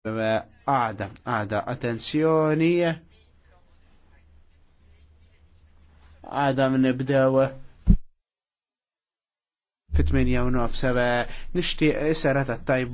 Eh, għada, għada, attenzjoni, għada nibdew fit-8 u nof, sebe, eh, nishtiq, sera ta' tajba.